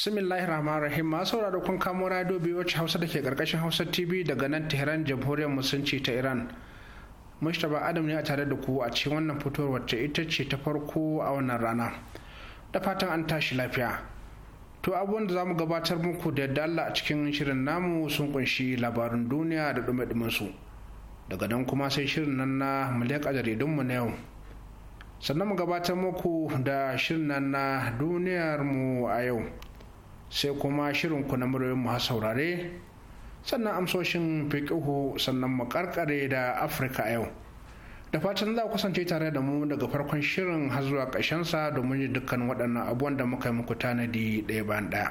bismillahir rahmanir rahim ma sauraro kun kamo radio biyu wacce hausa da ke karkashin hausa tv daga nan tehran jamhuriyar musulunci ta iran mustapha adam ne a tare da ku a cikin wannan fitowar wacce ita ce ta farko a wannan rana da fatan an tashi lafiya to abubuwan da zamu gabatar muku da yadda allah a cikin shirin namu sun kunshi labarin duniya da dume su daga nan kuma sai shirin nan na mulek a jaridunmu na yau sannan mu gabatar muku da shirin nan na duniyarmu a yau sai kuma shirin ku na muryoyinmu mu saurare sannan amsoshin fiƙihu sannan mu karkare da afirka yau da fatan za ku kasance tare da mu daga farkon shirin har zuwa sa domin yin dukkan waɗannan abubuwan da muka yi muku tanadi ɗaya bayan ɗaya.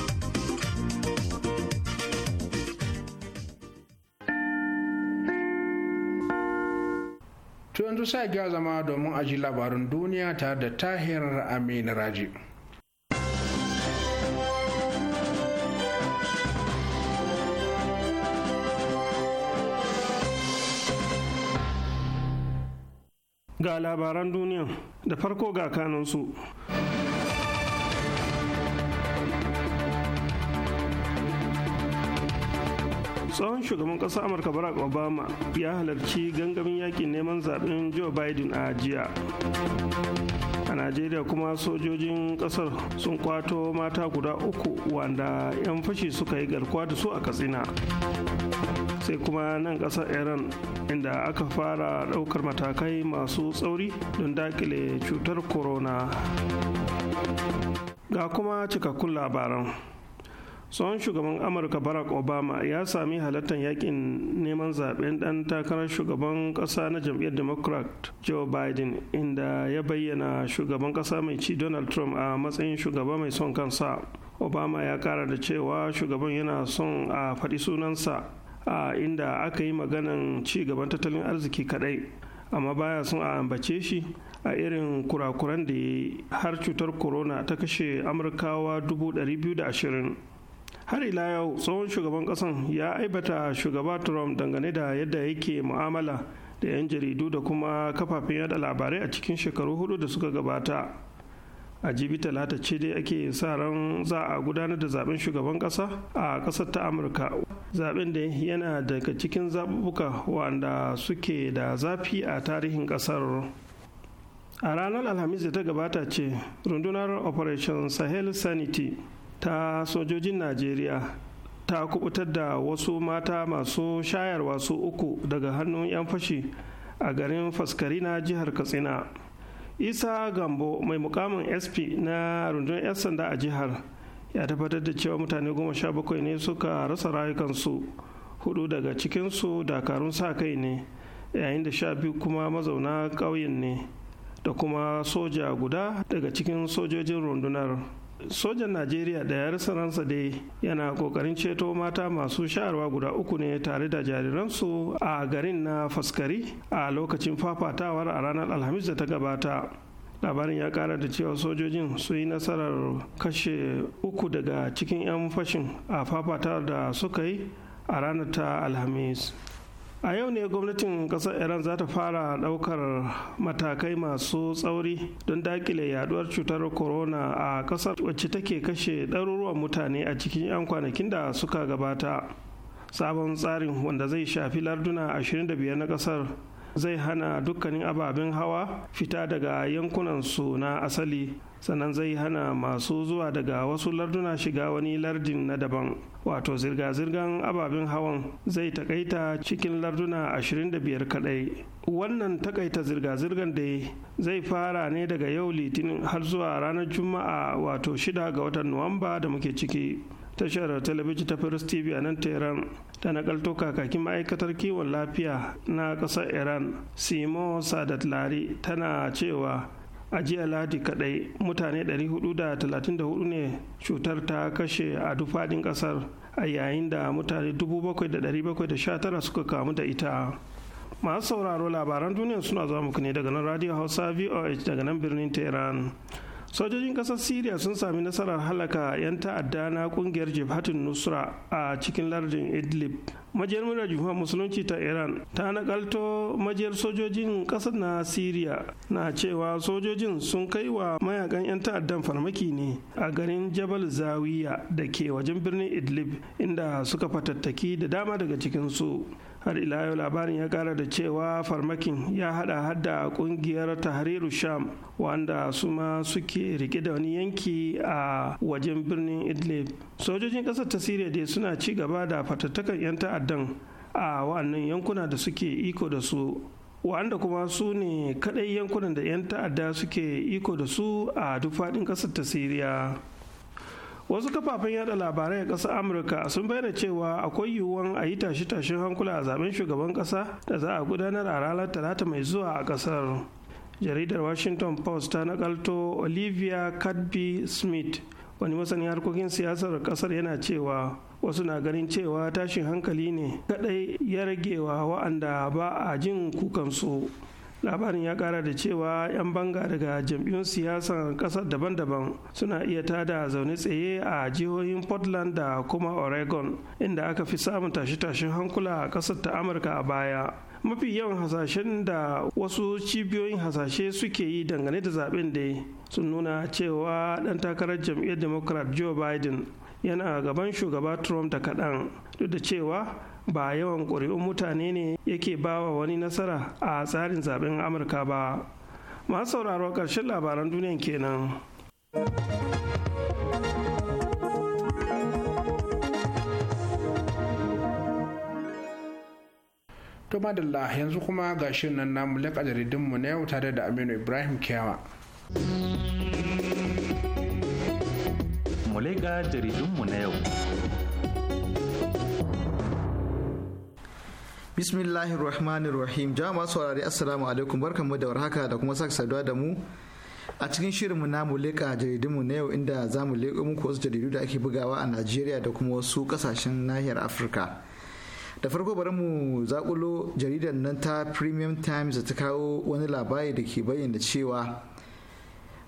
to yanzu sai ga zama domin aji labarin duniya ta da tahir amin raji ga labaran duniya da farko ga kanansu Tsawon shugaban ƙasar amurka barack obama ya halarci gangamin yakin neman zaɓen joe biden a jiya a najeriya kuma sojojin ƙasar sun kwato mata guda uku wanda 'yan fashi suka yi garkuwa da su a katsina sai kuma nan ƙasar iran inda aka fara ɗaukar matakai masu tsauri don dakile cutar corona ga kuma cikakkun labaran tsohon shugaban amurka barack obama ya sami halartar yakin neman zaben dan takarar shugaban kasa na jam'iyyar democrat joe biden inda ya bayyana shugaban kasa mai ci donald trump a matsayin shugaba mai son kansa obama ya kara da cewa shugaban yana son a faɗi sunansa a inda aka yi maganan ci gaban tattalin arziki kaɗai, amma baya son a ambace shi a irin kurakuran da har cutar corona ta kashe amurkawa 220 har ila yau tsohon shugaban kasan ya aibata shugaba trump dangane da yadda yake mu'amala da 'yan jaridu da kuma kafafen yada labarai a cikin shekaru hudu da suka gabata a jibi talata ce dai ake sa ran za a gudanar da zaben shugaban kasa a kasar ta amurka zaben da yana daga cikin zaɓuɓɓuka wanda suke da zafi a tarihin kasar a ranar alhamis da ta gabata ce rundunar operation sahel sanity ta sojojin najeriya ta kubutar da wasu mata masu shayarwa su uku daga hannun 'yan fashi a garin faskari na jihar katsina isa gambo mai mukamin sp na rundunar 'yan sanda a jihar ya tabbatar da cewa mutane goma sha bakwai ne suka rasa rayukansu hudu daga cikinsu dakarun sa kai ne yayin da sha biyu kuma mazauna ƙauyen ne da kuma soja guda daga cikin sojojin rundunar sojan najeriya da ya rasa ransa dai yana kokarin ceto mata masu sha'arwa guda uku ne tare da jariransu a garin na faskari a lokacin fafatawar a ranar alhamis da ta gabata labarin ya kara da cewa sojojin sun yi nasarar kashe uku daga cikin 'yan fashin a fafatawar da suka yi a ranar ta alhamis a yau ne gwamnatin kasar iran za ta fara daukar matakai masu tsauri don dakile yaduwar cutar corona a kasar wacce take kashe ɗaruruwan mutane a cikin 'yan kwanakin da suka gabata sabon tsarin wanda zai shafi larduna 25 na kasar zai hana dukkanin ababen hawa fita daga yankunansu na asali sannan zai hana masu zuwa daga wasu larduna shiga wani lardin na daban wato zirga-zirgan ababen hawan zai takaita cikin larduna 25 kadai wannan takaita zirga-zirgan da zai fara ne daga yau litinin har zuwa ranar juma'a wato 6 ga watan nuwamba da muke ciki tashar talabijin ta first tv a nan tehran ta nakalto kakakin ma'aikatar kiwon lafiya na ƙasar iran simo sadat lari tana cewa a jiya ladi kadai mutane 434 ne cutar ta kashe a duk faɗin ƙasar a yayin da mutane 7,719 suka kamu da ita masu sauraro labaran duniya suna zuwa muku ne daga nan radio hausa voh daga nan birnin tehran sojojin kasar syria sun sami nasarar halaka 'yan ta'adda na kungiyar jibhatin nusra a cikin lardin idlib majiyar murar jihar musulunci ta iran ta nakalto majiyar sojojin kasar na syria na cewa sojojin sun kai wa mayakan 'yan ta'addan farmaki ne a garin jabal zawiya da ke wajen birnin idlib inda suka fatattaki da dama daga cikinsu har ila yau labarin ya kara da cewa farmakin ya hada hada kungiyar tahriru sham wanda su ma suke rike da wani yanki a wajen birnin idlib sojojin kasar ta siriya dai suna ci gaba da fatattakan 'yan ta'addan a wa'annan yankuna da suke iko da su wa'anda kuma su ne kadai yankunan da 'yan ta'adda suke iko da su a duk faɗin ƙasar ta siriya wasu kafafen yada labarai a ƙasar amurka sun bayyana cewa akwai yiwuwan a yi tashe-tashen hankula a zaben shugaban ƙasa da za a gudanar a ranar talata mai zuwa a ƙasar jaridar washington post ta nakalto olivia cadby smith wani masanin harkokin siyasar kasar yana cewa wasu na ganin cewa tashin hankali ne kadai ya ragewa wa'anda ba a jin kukansu labarin ya kara da cewa 'yan banga daga jam'iyyun siyasar kasar daban-daban suna iya tada zaune tsaye a jihohin portland da kuma oregon inda aka fi samun tashe-tashen hankula a kasar ta amurka a baya mafi yawan hasashen da wasu cibiyoyin hasashe suke yi dangane da zaben da sun nuna cewa dan takarar jam'iyyar democrat joe biden yana gaban shugaba trump da kaɗan duk da cewa ba yawan ƙuri'un mutane ne yake bawa wani nasara a tsarin zaben amurka ba masu sauraro ƙarshen labaran duniyan kenan to madalla yanzu kuma ga shirin nan namu laƙa jaridinmu na yau tare da aminu ibrahim kiyawa mulega jaridunmu na yau bismillahir rahmanir rahim jama'a masu saurari assalamu alaikum barkanmu da warhaka da kuma sake saduwa da mu a cikin shirin shirinmu na mu leƙa mu na yau inda za mu leƙo muku wasu jaridu da ake bugawa a najeriya da kuma wasu kasashen nahiyar afirka da farko bari mu zakulo jaridar nan ta premium times da ta kawo wani labari da ke bayyana cewa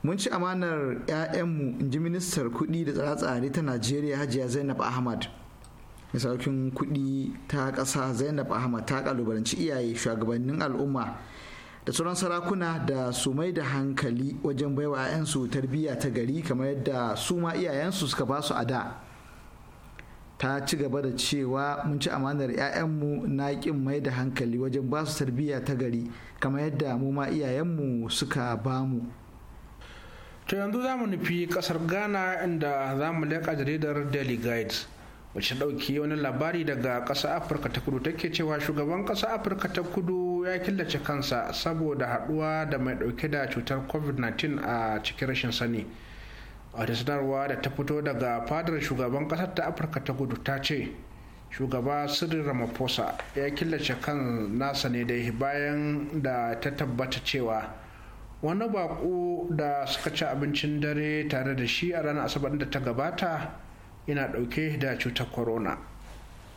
mun ci amanar 'ya'yanmu in ji ministar kuɗi da tsare-tsare ta najeriya hajiya zainab ahmad misalkin kudi ta kasa zainab ahmad ta kalubalanci iyaye shugabannin al'umma da sauran sarakuna da su mai da hankali wajen baiwa 'ya'yansu tarbiyya ta gari kamar yadda su ma iyayensu suka ba su a ta ci gaba da cewa mun ci amanar 'ya'yanmu na ƙin mai da hankali wajen ba su tarbiyya ta gari kamar yadda mu ma iyayenmu suka ba mu to yanzu za mu nufi ƙasar ghana inda za mu leƙa jaridar daily guide wacce ɗauki wani labari daga ƙasa afirka ta kudu take cewa shugaban ƙasa afirka ta kudu ya killace kansa saboda haɗuwa da mai ɗauke da cutar covid-19 a cikin rashin sani wata sanarwa da ta fito daga fadar shugaban ƙasar ta afirka ta kudu ta ce shugaba sirri ramaphosa ya killace kan nasa ne dai bayan da ta tabbata cewa wani baƙo da suka ci abincin dare tare da shi a ranar asabar da ta gabata ina ɗauke da cutar corona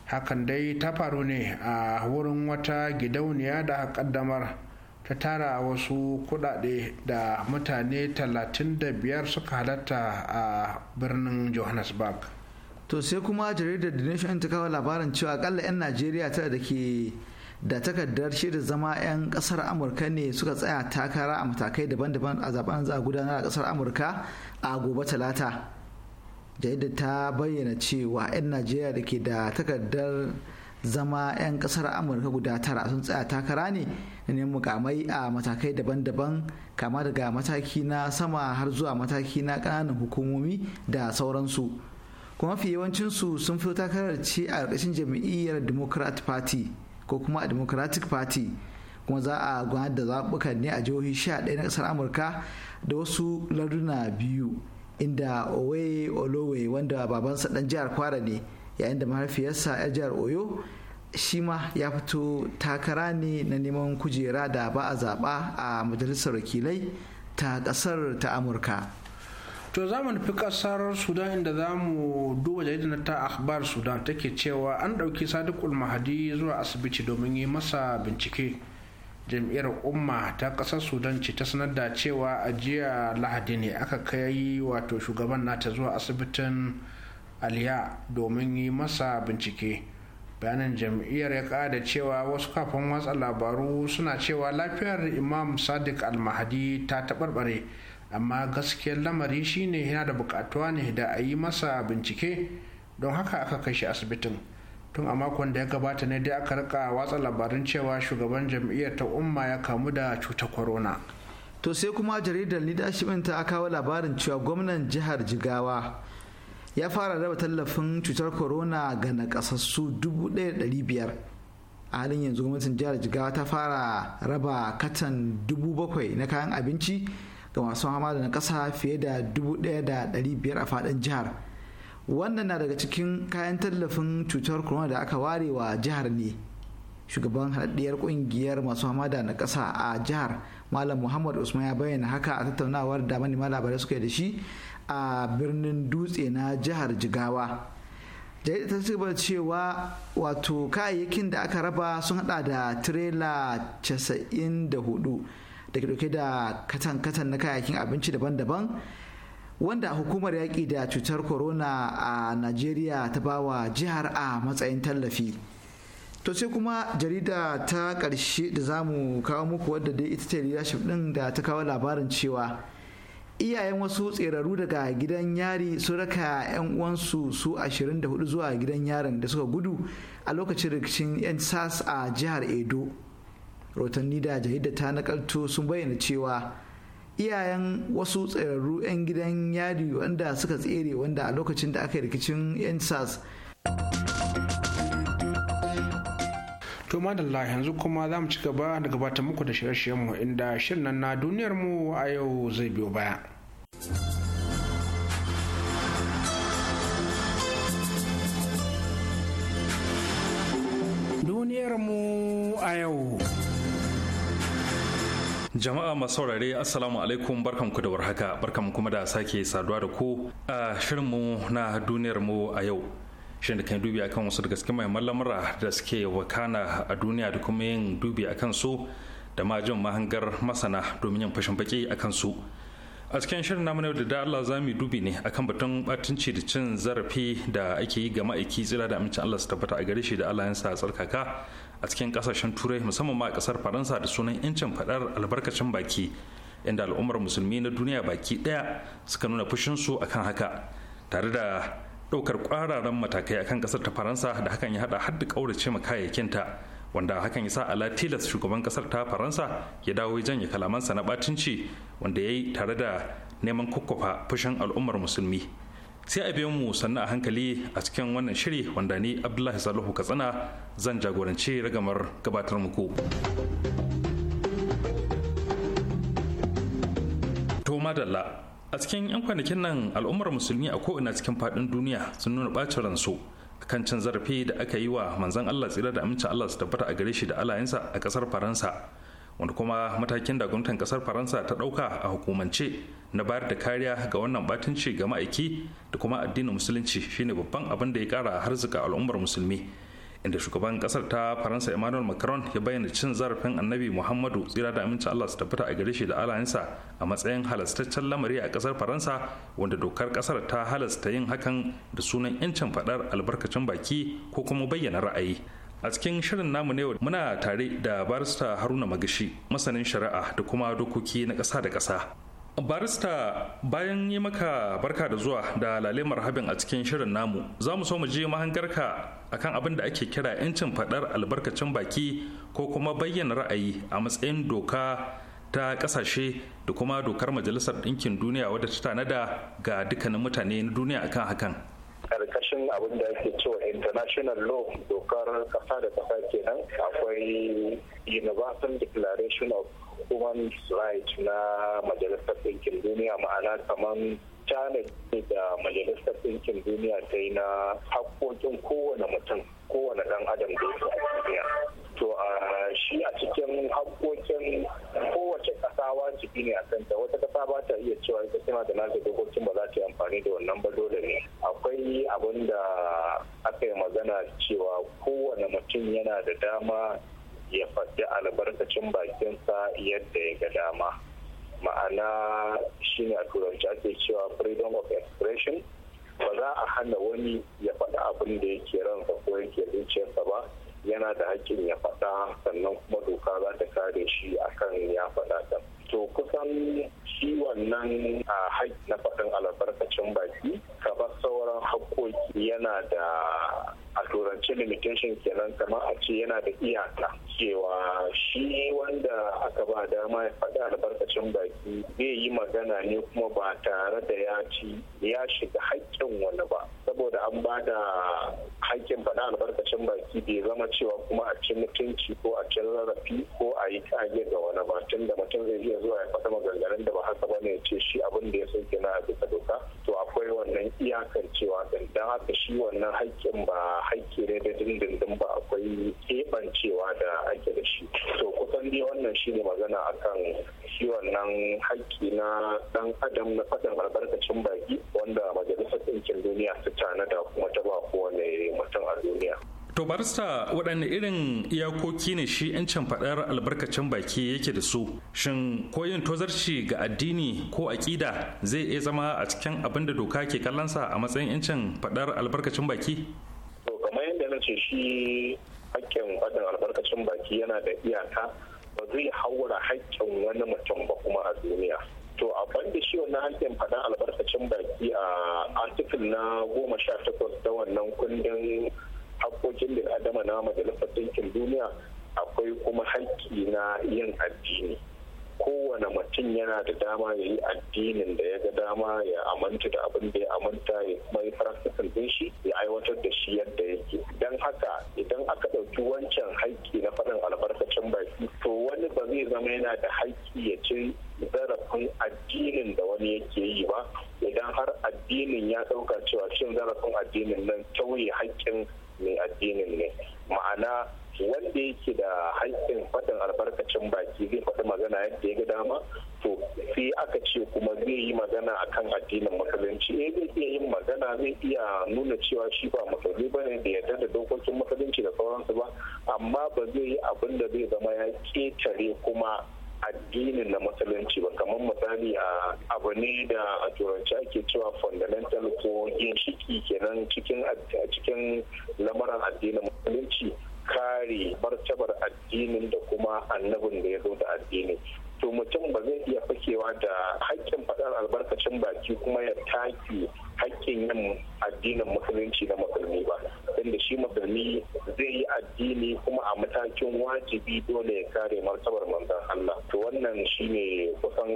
hakan dai ta faru ne a wurin wata gidauniya da kaddamar ta tara wasu kudade da mutane 35 suka halatta a birnin johannesburg to sai kuma jaridar da nation ta kawo labarin cewa akalla 'yan najeriya tara da ke da takardar shirin zama 'yan kasar amurka ne suka tsaya takara a matakai daban-daban a zaben za a gudanar a kasar amurka a gobe talata jaida ta bayyana cewa 'yan najeriya da ke da takardar zama 'yan kasar amurka guda tara sun tsaya takara ne na neman mukamai a matakai daban-daban kama daga mataki na sama har zuwa mataki na kananan hukumomi da sauransu kuma fi yawancinsu sun fito takarar ce a ƙarƙashin jam'iyyar democrat party ko kuma democratic party kuma za a gudanar da zaɓukan ne a jihohi 11 na kasar amurka da wasu larduna biyu inda owe olowe wanda babansa dan jihar kwara ne yayin da mahaifiyarsa ya jihar oyo shi ma ya fito takara ne na neman kujera da ba a zaba a majalisar wakilai ta kasar ta amurka to za mu nufi ƙasar sudan inda za mu duba jaridar ta akhbar sudan take cewa an ɗauki sadiq mahadi zuwa asibiti domin yi masa bincike jam'iyyar umma ta ƙasar sudan ce ta sanar da cewa a jiya lahadi ne aka kai wato shugaban nata zuwa asibitin aliya domin yi masa bincike bayanin jam'iyyar ya ƙada cewa wasu kafin watsa labaru suna cewa lafiyar imam sadiq almahadi ta taɓarɓare amma gaskiyar lamari shine yana da buƙatuwa ne da a yi masa bincike don haka aka kai shi asibitin tun a makon da ya gabata ne dai aka rika watsa labarin cewa shugaban jam'iyyar ta umma ya kamu da cutar corona to sai kuma jaridar leadership ta kawo labarin cewa gwamnan jihar jigawa ya fara raba tallafin cutar corona ga nakasassu 1,500 a halin yanzu gwamnatin jihar jigawa ta fara raba katan 7,000 na kayan abinci ga masu hama da na ƙasa fiye da 1,500 a faɗin jihar wannan na daga cikin kayan tallafin cutar corona da aka ware wa jihar ne shugaban haɗaɗɗiyar ƙungiyar masu hamada na ƙasa a jihar malam muhammad usman ya bayyana haka a tattaunawar da manema labarai suka yi da shi a birnin dutse na jihar jigawa jaridar ta cigaba cewa wato kayayyakin da aka raba sun hada da tirela 94 da ke dauke da katan-katan na kayayyakin abinci daban-daban wanda hukumar yaƙi da cutar corona a najeriya ta bawa jihar a matsayin tallafi to sai kuma jarida ta ƙarshe da za mu kawo muku wadda dai ita ce leadership ɗin da ta kawo labarin cewa iyayen wasu tseraru daga gidan yari sun raka 'yan uwansu su 24 zuwa gidan yaron da suka gudu a lokacin rikicin 'yan sas a jihar edo rotanni da jarida ta nakalto sun bayyana cewa iyayen wasu tsirarru 'yan gidan yadi wanda suka tsere wanda a lokacin da aka yi rikicin 'yan sas to madalla yanzu kuma za mu ci gaba da gabatar muku da shirye mu inda shirin nan na mu a yau zai biyo baya duniyar mu a yau Jama'a masu saurare Assalamu alaikum barkanku da warhaka barkanku kuma da sake saduwa da ku a shirin mu na duniyar mu a yau. Shirin da kan dubi akan wasu daga cikin mai mallamura da suke wakana a duniya da kuma yin dubi akan su da ma jin mahangar masana domin yin fashin baki akan su. a cikin shirin namu na da Allah za mu dubi ne akan batun batunci da cin zarafi da ake yi ga ma'aiki tsira da amincin Allah su tabbata a gare shi da Allah sa tsarkaka a cikin kasashen turai musamman ma a kasar faransa da sunan yancin fadar albarkacin baki inda al'ummar musulmi na duniya baki daya suka nuna fushin su akan haka tare da ɗaukar kwararan matakai akan kasar ta faransa da hakan ya hada da kaurace ma kayayyakinta wanda hakan ya sa ala tilas shugaban kasar ta faransa ya dawo ya kalamansa na batunci wanda ya yi tare da neman kukkufa fushin al'ummar musulmi sai a biyan mu sannan a hankali a cikin wannan shiri wanda ni abdullahi salihu katsina zan jagoranci ragamar gabatar muku a cikin 'yan kwanakin nan al'ummar musulmi a ko'ina cikin faɗin duniya sun nuna ɓacin ransu kan cin zarafi da aka yi wa manzon Allah tsira da amincin Allah su tabbata a gare shi da alayensa a kasar Faransa wanda kuma matakin da gwamnatin kasar Faransa ta dauka a hukumance na bayar da kariya ga wannan batunci ga ma'aiki da kuma addinin musulunci shine babban abin da ya kara harzuka al'ummar musulmi inda shugaban kasar ta faransa emmanuel macron ya bayyana cin zarafin annabi muhammadu tsira da amincin allah su tafita a gare shi da alayensa a matsayin halastaccen lamari a kasar faransa wanda dokar kasar ta halasta yin hakan da sunan yancin fadar albarkacin baki ko kuma bayyana ra'ayi a cikin shirin namu ne muna tare da barista haruna magashi masanin shari'a da kuma dokoki na ƙasa da ƙasa barista bayan yi maka barka da zuwa da lalemar habin a cikin shirin namu za mu so mu je mahangarka akan abin da ake kira 'yancin faɗar albarkacin baki ko kuma bayyana ra'ayi a matsayin doka ta ƙasashe da kuma dokar majalisar ɗinkin duniya wadda ta tanada ga dukkanin mutane na duniya akan hakan karkashin abin da ake cewa international law dokar kasa da kasa kenan akwai universal declaration of human rights na majalisar ɗinkin duniya ma'ana kamar china da majalisar ɗinkin duniya ta yi na hakkokin kowane mutum kowane ɗan adam da yake a duniya to a shi a cikin hakkokin kowace ƙasa wajibi ne a kanta wata ƙasa ba ta iya cewa ita tana da nata dokokin ba za ta yi amfani da wannan ba dole ne akwai abin da aka yi magana cewa kowane mutum yana da dama ya faɗi albarkacin bakinsa yadda ya ga dama ma'ana shine a turanci ake cewa freedom of expression ba za a hana wani ya faɗi abin da yake ransa ko yake zuciyarsa ba yana da hakkin ya faɗa sannan kuma doka za ta kare shi akan ya faɗa ta to kusan shi wannan a haƙƙi na faɗin albarkacin baki kamar sauran haƙƙoƙi yana da a turance limitation kenan kamar a ce yana da iyaka cewa shi wanda aka ba dama ya faɗi albarkacin baki zai yi magana ne kuma ba tare da ya ci ya shiga haƙƙin wani ba saboda an ba da haƙƙin faɗa albarkacin baki bai zama cewa kuma a ci mutunci ko a ci rarrafi ko a yi kage ga wani ba tun da mutum zai iya zuwa ya faɗi maganganun da ba haka ba ne ya ce shi abin da ya sauke na bisa doka akwai wannan iyakar cewa don haka shi wannan haƙƙin ba haƙƙi ne da dindindin ba akwai keɓancewa da ake da shi to kusan dai wannan shi ne magana akan shi wannan haƙƙi na ɗan adam na faɗin albarkacin baki wanda majalisar ɗinkin duniya ta tana da kuma ta ba kowane mutum a duniya. To barista waɗanne irin iyakoki ne shi 'yancin faɗar albarkacin baki yake da su? Shin koyin tozarci ga addini ko aƙida zai iya zama a cikin abin da doka ke kallonsa a matsayin 'yancin faɗar albarkacin baki? To kamar yadda na ce shi hakkin faɗin albarkacin baki yana da iyaka ba zai haura hakkin wani mutum ba kuma a duniya. to a da shi wannan hankin faɗan albarkacin baki a artikul na goma sha takwas da wannan kundin haƙƙoƙin da adama na majalisar ɗinkin duniya akwai kuma haƙƙi na yin addini kowane mutum yana da dama ya yi addinin da ya ga dama ya amanta da abin da ya amanta ya kuma yi practicing din shi ya aiwatar da shi yadda yake don haka idan aka ɗauki wancan haƙƙi na faɗin albarkacin baki to wani ba zai zama yana da haƙƙi ya ci zarafin addinin da wani yake yi ba idan har addinin ya ɗauka cewa cin zarafin addinin nan tauye haƙƙin mai addinin ne ma'ana wanda yake da haƙƙin faɗin albarkacin baki zai faɗi magana yadda ya ga dama to sai aka ce kuma zai yi magana akan addinin musulunci eh zai iya yin magana zai iya nuna cewa shi ba musulmi ba ne da yarda da dokokin musulunci da sauransu ba amma ba zai yi abin da zai zama ya ƙetare kuma addinin na musulunci ba kamar misali a abu ne da a turanci ake cewa fundamental ko ginshiki kenan cikin cikin lamarin addinin musulunci kare martabar addinin da kuma annabin da ya zo da addini to mutum ba zai iya fakewa da haƙƙin faɗar albarkacin baki kuma ya take hakkin yin addinin musulunci na musulmi ba inda shi musulmi zai yi addini kuma a matakin wajibi dole ya kare martabar manzon Allah to wannan shine kusan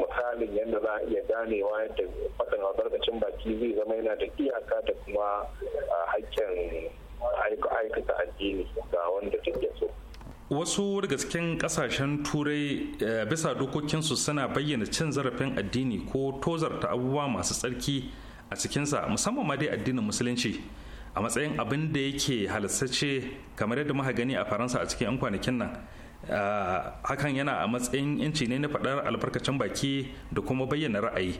misalin yadda za a iya ganewa yadda fasan albarkacin baki zai zama yana da iyaka da kuma hakkin aikata addini ga wanda take so wasu daga kasashen turai eh, bisa dokokinsu suna bayyana cin zarafin addini ko tozarta abubuwa masu tsarki a cikinsa musamman ma dai addinin musulunci a matsayin abin da yake halasace kamar yadda muka gani a faransa a cikin 'yan kwanakin nan hakan yana a matsayin yanci ne na faɗar albarkacin baki da kuma bayyana ra'ayi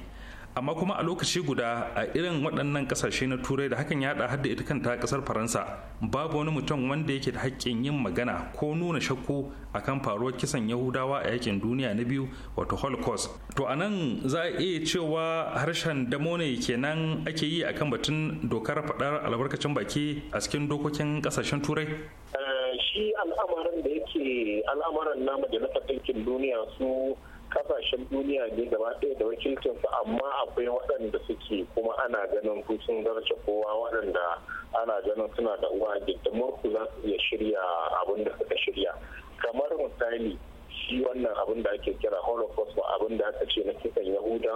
amma kuma a lokaci guda a irin waɗannan ƙasashe na turai da hakan ya haɗa hadda ita kanta ƙasar faransa babu wani mutum wanda yake da haƙƙin yin magana ko nuna shakku kan faruwar kisan yahudawa a yakin duniya na biyu wato holocaust to a nan za a iya cewa harshen damo ne kenan ake yi akan batun dokar faɗar albarkacin baki a cikin dokokin ƙasashen turai eh, shi al'amarin da yake al'amarin na majalisar ɗinkin duniya su kasashen duniya ne gaba ɗaya da wakilcin amma akwai waɗanda suke kuma ana ganin sun zarce kowa waɗanda ana ganin suna da uwa gidamar ku za su iya shirya abin da suka shirya kamar misali shi wannan abin da ake kira holocaust abin da aka ce na kisan yahuda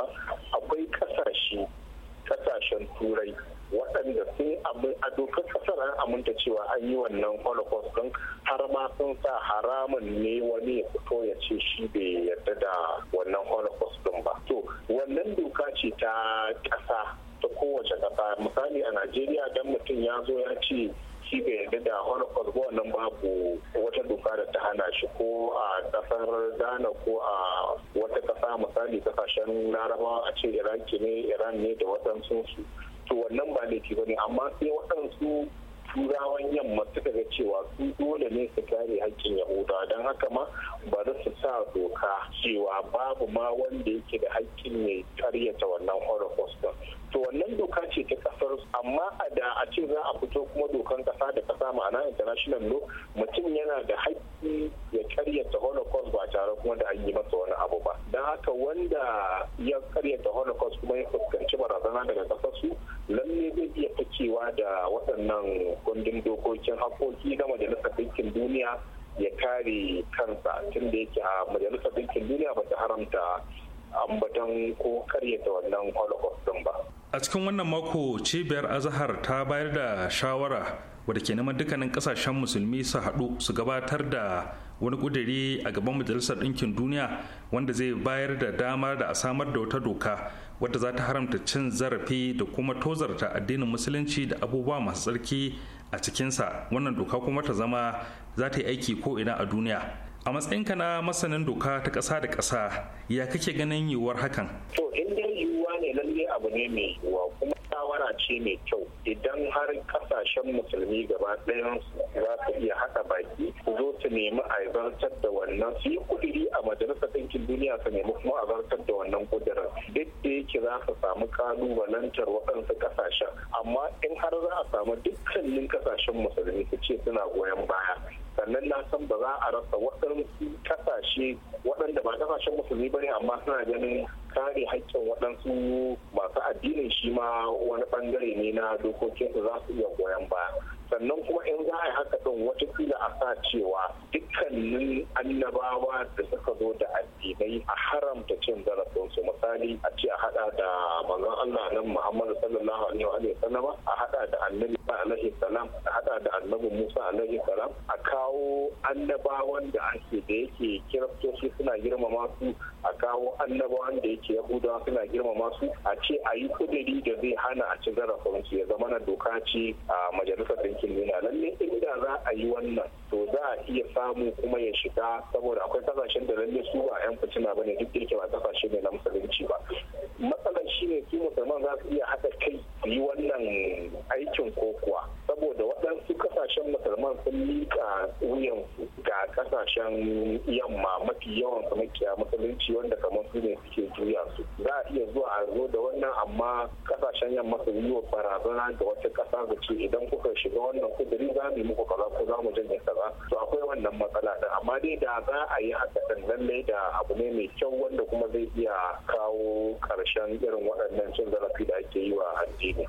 akwai kasashe kasashen turai waɗanda sun abin a dokar kasar an aminta cewa an yi wannan holocaust don har ma sun sa haramun ne wani ya fito ya ce shi bai yarda da wannan holocaust din ba to wannan doka ce ta ƙasa ta kowace kasa misali a najeriya don mutum ya zo ya ce shi bai yarda da holocaust ba wannan babu wata doka da ta hana shi ko a ƙasar ghana ko a wata kasa misali kasashen larabawa a ce iraki ne iran ne da waɗansu su to wannan ba laifi ba ne amma sai waɗansu turawan yamma suka ga cewa su dole ne su kare hakkin yahudawa don haka ma ba za su sa doka cewa babu ma wanda yake da hakkin ya karyata wannan holocaust ba to wannan doka ce ta kasar amma a da a ce za a fito kuma dokan kasa da kasa ma'ana international law mutum yana da haƙƙi ya karyata holocaust ba tare kuma da an yi masa haka wanda ya karyata holocaust kuma ya fuskanci barazana daga kasarsu lalle zai iya ficewa da waɗannan kundin dokokin hakoki na majalisar ɗinkin duniya ya kare kansa tun da yake a majalisar ɗinkin duniya ba ta haramta ambatan ko karyata wannan holocaust din ba a cikin wannan mako cibiyar azahar ta bayar da shawara wadda ke neman dukkanin kasashen musulmi su haɗu su gabatar da wani ƙudiri a gaban majalisar ɗinkin duniya wanda zai bayar da damar da a samar da wata doka wadda za ta haramta cin zarafi da kuma tozarta addinin musulunci da abubuwa masu tsarki a cikinsa wannan doka kuma ta zama za ta yi aiki ko ina a duniya a matsayinka na masanin doka ta ƙasa da ƙasa ya kake ganin yiwuwar hakan to in dai yiwuwa ne lalle abu ne mai yiwuwa kuma shawara ce mai kyau idan har kasashen musulmi gaba ɗayan za su iya haɗa baki su zo su nemi a zartar da wannan su yi kudiri a majalisar ɗinkin duniya su nemi kuma a zartar da wannan kudirin duk da yake za su samu kalubalantar waɗansu kasashen amma in har za a samu dukkanin kasashen musulmi su ce suna goyon baya sannan na san ba za a rasa waɗansu kasashe waɗanda ba kasashen musulmi ba ne amma suna ganin kare haƙƙin waɗansu masu addinin shi ma wani ɓangare ne na dokokinsu za su iya goyon baya sannan kuma in za a haka wata watakila a sa cewa dukkanin annabawa da suka zo da addinai a haramta cin zarafinsu misali a ce a haɗa da manzon Allah nan Muhammadu sallallahu alaihi wa sallam a haɗa da annabi alaihi salam a hada da annabi Musa alaihi salam a kawo annabawan da ake da yake kiristoci suna girmama su a kawo annabawan da yake yahudawa suna girmama su a ce a yi kudiri da zai hana a ci zarafinsu ya zama na doka ce a majalisar ke nuna lalle inda za a yi wannan to za a iya samu kuma ya shiga saboda akwai kasashen da lalle su ba 'yan fitina bane duk da yake ba kasashe ne na musulunci ba matsalar shine su musulman za su iya haɗa kai yi wannan aikin ko kuwa saboda waɗansu kasashen musulman sun miƙa wuyansu ga kasashen yamma mafi yawan su makiya musulunci wanda kamar su ne suke juya su za a iya zuwa a zo da wannan amma kasashen yamma su yi wa barazana ga wata ƙasa da ce idan kuka shiga wannan kudiri za mu yi muku kaza ko za mu janye kaza to akwai wannan matsala din amma dai da za a yi haka ɗin lallai da abu ne mai kyau wanda kuma zai iya kawo ƙarshen irin waɗannan cin zarafi da ake yi wa addini.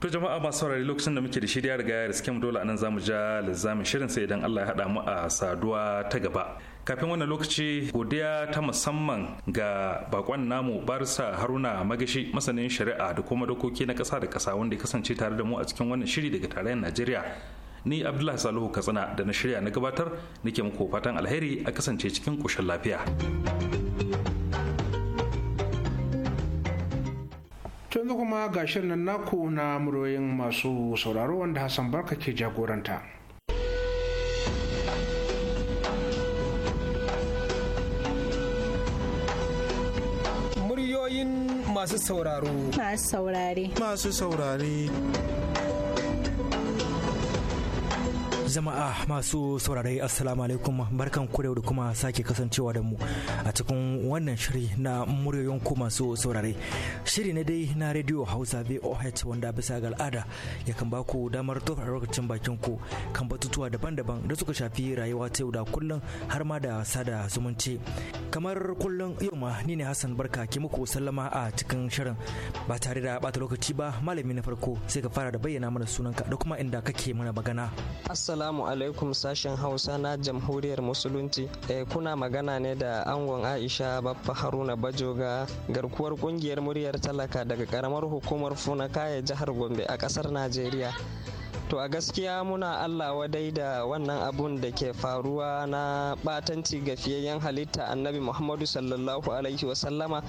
to jama'a masu saurari lokacin da muke da shirya gaya da suke mu dole anan zamu ja lizamin shirin sai idan Allah ya haɗa mu a saduwa ta gaba kafin wannan lokaci godiya ta musamman ga bakon namu barsa haruna magashi masanin shari'a da kuma dokoki na ƙasa da ƙasa wanda ya kasance tare da mu a cikin wannan shiri daga tarayyar najeriya ni abdullahi salihu katsina da na shirya na gabatar nake muku fatan alheri a kasance cikin koshin lafiya To yanzu kuma ga shirin nan naku na muryoyin masu sauraro wanda Hassan Barka ke jagoranta. Muryoyin masu sauraro. Masu saurare. Masu saurare. Jama'a masu saurare Assalamu alaikum barkan ku da kuma sake kasancewa da mu a cikin wannan shiri na muryoyin ku masu saurare. Shiri na dai na Radio Hausa VOH wanda bisa ga al'ada ya kan baku damar tofa lokacin bakin ku kan batutuwa daban-daban da suka shafi rayuwa ta yau da kullum har ma da sada zumunci. Kamar kullum yau ma ni ne Hassan Barka ke muku sallama a cikin shirin ba tare da bata lokaci ba malami na farko sai ka fara da bayyana mana sunanka da kuma inda kake mana magana. Assalamu alaikum sashen Hausa na Jamhuriyar Musulunci. E, kuna magana ne da angon Aisha Baffa Haruna Bajoga garkuwar kungiyar muryar talaka daga karamar hukumar Funakaya jihar Gombe a kasar Najeriya. to a gaskiya muna allah wadai da wannan abun da ke faruwa na batanci ga fiyayyen halitta annabi muhammadu sallallahu alaihi wasallama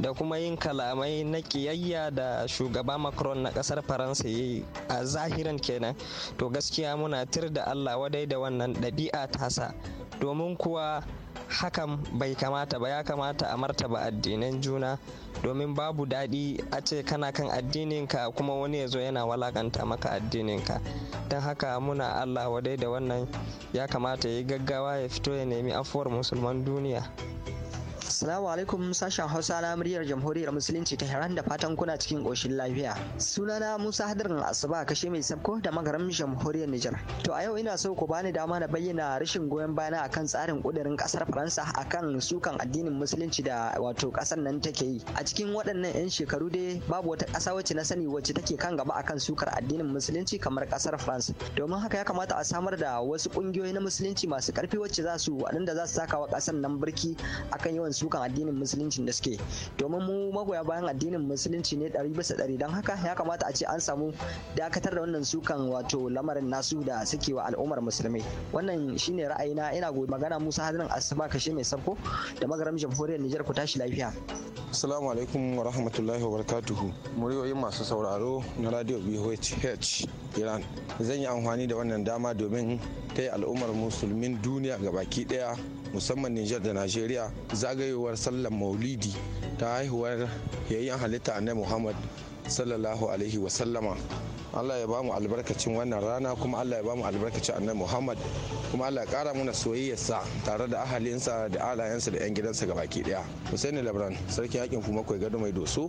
da kuma yin kalamai na kiyayya da shugaba macron na kasar faransa ya yi a zahiran kenan to gaskiya muna tir da allah wadai da wannan ɗabi'a tasa domin kuwa hakan bai kamata ba ya kamata a martaba addinan juna domin babu daɗi a ce kana kan addininka kuma wani ya zo yana walakanta maka addininka don haka muna allah wadai da wannan ya kamata ya yi gaggawa ya fito ya nemi afuwar musulman duniya Assalamu alaikum sashen Hausa na muryar Jamhuriyar Musulunci ta Iran da fatan kuna cikin ƙoshin lafiya. Sunana Musa Hadirin Asuba kashe mai sabko da magaram Jamhuriyar Nijar. To a yau ina so ku bani dama na bayyana rashin goyon bayana akan tsarin kudirin ƙasar Faransa akan sukan addinin Musulunci da wato ƙasar nan take yi. A cikin waɗannan 'yan shekaru dai babu wata ƙasa wacce na sani wacce take kan gaba akan sukar addinin Musulunci kamar ƙasar France. Domin haka ya kamata a samar da wasu ƙungiyoyi na Musulunci masu ƙarfi wacce za su waɗanda za su saka wa ƙasar nan birki akan yawan su sukan addinin musulunci da suke domin mu magoya bayan addinin musulunci ne ɗari bisa ɗari don haka ya kamata a ce an samu dakatar da wannan sukan wato lamarin nasu da suke wa al'ummar musulmai wannan shine ra'ayina ina gobe magana musa hadirin asma kashe mai sabko da magaram jamhuriyar nijar ku tashi lafiya assalamu alaikum wa rahmatullahi wa barakatuhu muryoyin masu sauraro na radio bhh iran zan yi amfani da wannan dama domin ta al'ummar musulmin duniya ga baki daya musamman Nijar da Najeriya zagayowar sallar Maulidi ta haihuwar yayin halitta na Muhammad sallallahu alaihi wasallama Allah ya bamu albarkacin wannan rana kuma Allah ya bamu albarkacin annabi Muhammad kuma Allah ya kara mana soyayyarsa tare da ahalinsa da alayensa da 'yan gidansa gabaki daya. Hussein Labran sarkin yakin kuma kai gado mai doso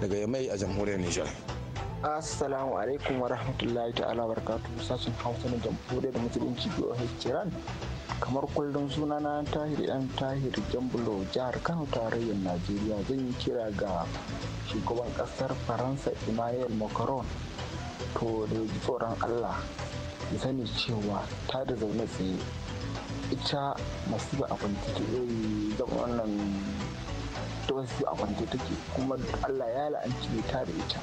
daga Yamai a jamhuriyar Nijar. Assalamu alaikum wa rahmatullahi ta'ala wa barakatuhu sashen Hausa na jamhuriyar musulunci BOH Iran kamar kullum sunana tahir yan tahir jambulo jihar kano tarayyar najeriya zan yi kira ga shugaban kasar faransa emmanuel macron to da tsoron allah ya sani cewa ta da zaune tsaye ita masu eh, da abinci ta yi zan wannan ta abinci take kuma allah ya la'anci ta da ita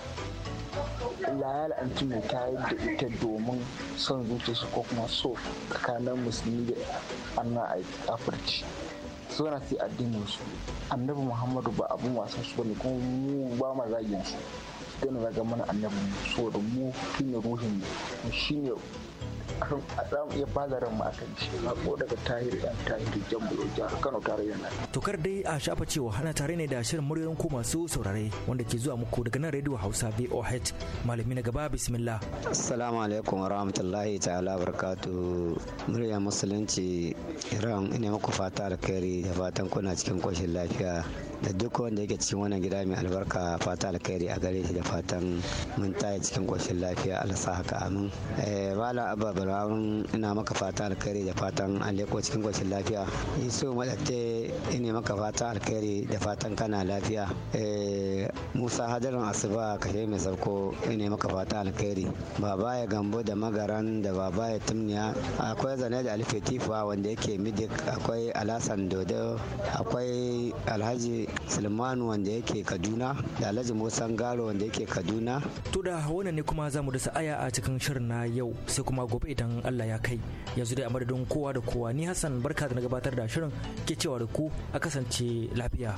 Allah ya la'anci mai tayar da ita domin son zuciyarsu ko kuma so tsakanin musulmi da anna a afirci suna sai addinin su annabi muhammadu ba abin wasan su bane kuma mu ba ma zagin su dana zaga mana annabi saboda mu shine ruhin mu shine ya mu da bada ranmu a ko daga tahir da tahir jambulo jihar kano tarayyar nan. tokar dai a shafa cewa hana tare ne da shirin muryoyin ku masu saurare wanda ke zuwa muku daga nan rediyo hausa voh malami na gaba bismillah. assalamu alaikum wa rahmatullahi ta'ala barkatu murya musulunci iran ina muku fata alkhairi da fatan kuna cikin koshin lafiya da duk wanda yake cikin wannan gida mai albarka fata alkhairi a gare shi da fatan mun taya cikin koshin lafiya alasa haka amin. Bala eh, ababa sauraron ina maka fata alkhairi da fatan aleko cikin gwacin lafiya iso madatte ina maka fata alkhairi da fatan kana lafiya eh, musa hadarin asuba kashe mai sauko ina maka fata alkhairi baba ya gambo da magaran da baba ya tumniya akwai zane da alfetifa wanda yake midik akwai alasan dodo akwai alhaji sulmanu wanda yake kaduna da alhaji musan garo wanda yake kaduna to da wannan ne kuma za mu dasa aya a cikin shirin na yau sai kuma gobe idan Allah ya kai yanzu dai a madadin kowa da kowa ni Hassan barka da na gabatar da shirin ke cewa da ku a kasance lafiya.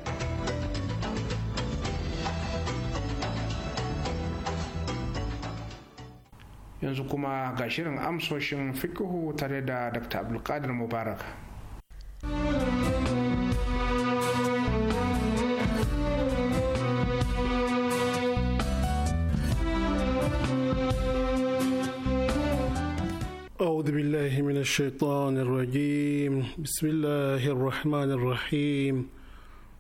Yanzu kuma ga shirin amsoshin fikihu tare da Dr. Abdulkadir Mubarak. أعوذ بالله من الشيطان الرجيم بسم الله الرحمن الرحيم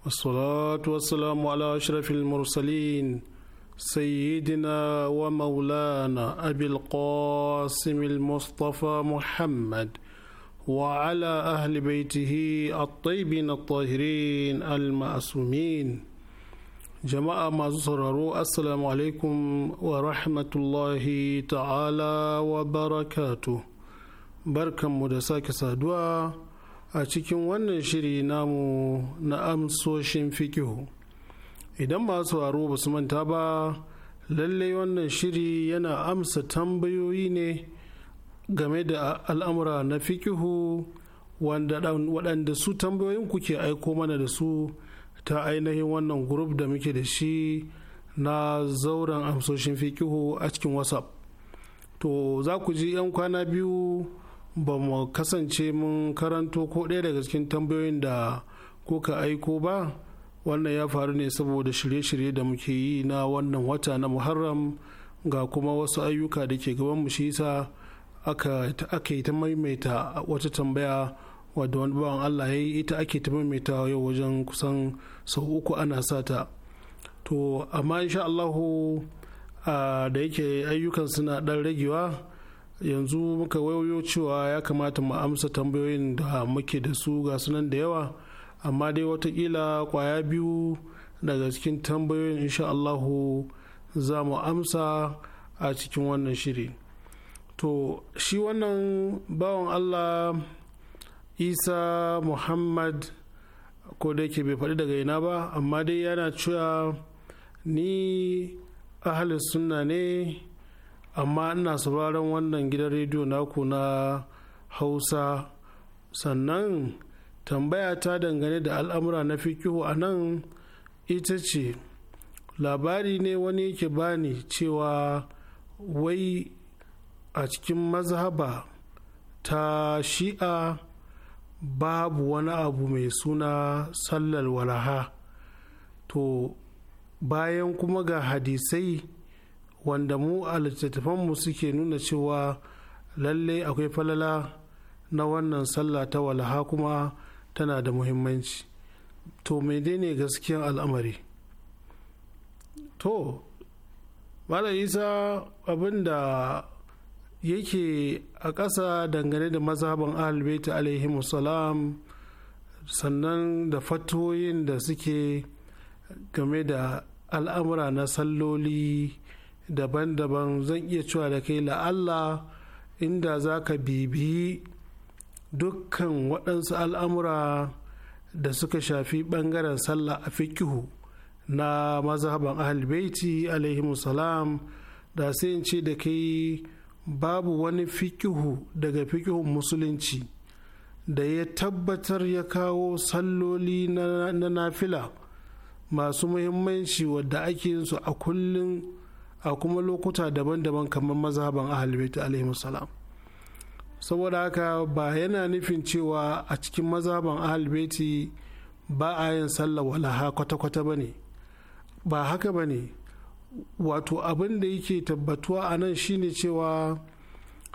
والصلاة والسلام على أشرف المرسلين سيدنا ومولانا أبي القاسم المصطفى محمد وعلى أهل بيته الطيبين الطاهرين المعصومين جماعة ما زرروا السلام عليكم ورحمة الله تعالى وبركاته barkanmu da sake saduwa a cikin wannan shiri namu na amsoshin fikihu idan masu waro ba su manta ba lallai wannan shiri yana amsa tambayoyi ne game da al'amura na fikihu waɗanda su tambayoyin kuke aiko mana da su ta ainihin wannan group da muke da shi na zauren amsoshin fikihu a cikin whatsapp to za ku ji 'yan kwana biyu ba mu kasance mun karanto ko ɗaya daga cikin tambayoyin da kuka aiko ba wannan ya faru ne saboda shirye-shirye da muke yi na wannan wata na muharram ga kuma wasu ayyuka da ke gaban mu shi yasa aka yi ta maimaita wata tambaya wadda wani bawan Allah ya yi ita ake ta maimaita yau wajen kusan sau uku ana sata to amma insha Allahu da yake ayyukan suna dan ragewa yanzu muka wayoyo cewa ya kamata mu amsa tambayoyin da muke da su ga sunan da yawa amma dai watakila kwaya biyu daga cikin tambayoyin insha Allahu za mu amsa a cikin wannan shiri to shi wannan bawan Allah isa muhammad ko da yake bai faɗi daga ina ba amma dai yana cewa ni ahalin sunna ne amma ina sauraron wannan gidan rediyo naku na hausa sannan tambaya ta dangane da al'amura na fikihu a nan ita ce labari ne wani yake bani cewa wai a cikin mazhaba ta shi'a babu wani abu mai suna sallar walaha to bayan kuma ga hadisai wanda mu a mu suke nuna cewa lalle akwai falala na wannan sallah ta walaha kuma tana da muhimmanci to ne gaskiyan al'amari to malam isa abinda yake a ƙasa dangane da mazhaban alibaita alaihi salam sannan da fatoyin da suke game da al'amura na salloli daban-daban zan iya cewa da kai la'alla inda za ka bibi dukkan waɗansu al'amura da suka shafi ɓangaren sallah a fikihu na mazhaban ahalbeiti salam da sai in ce da kai babu wani fikihu daga fikihun musulunci da ya tabbatar ya kawo salloli na nafila masu muhimmanci wadda ake yin su a kullum a kuma lokuta daban-daban kamar mazhaban ahalibaita alaihi salam saboda haka ba yana nufin cewa a cikin mazhaban ahalbaiti ba a yin sallah walaha kwata-kwata ba ne ba haka ba ne wato abin da yake tabbatuwa a nan shine cewa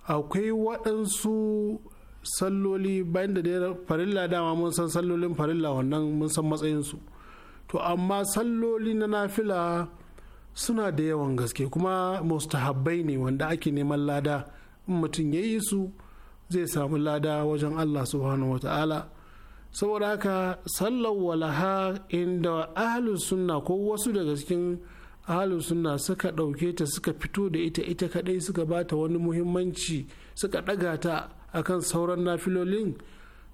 akwai waɗansu salloli bayan da dai farilla dama mun san sallolin farilla wannan mun san matsayinsu to amma salloli na nafila suna da yawan gaske kuma mustahabbai ne wanda ake neman lada in mutum ya yi su zai samu lada wajen Allah subhanahu wa ta'ala saboda haka sallar walaha inda ahalun sunna ko wasu daga cikin ahalun sunna suka ɗauke ta suka fito da ita ita kaɗai suka ba ta wani muhimmanci suka ɗaga ta akan sauran nafilolin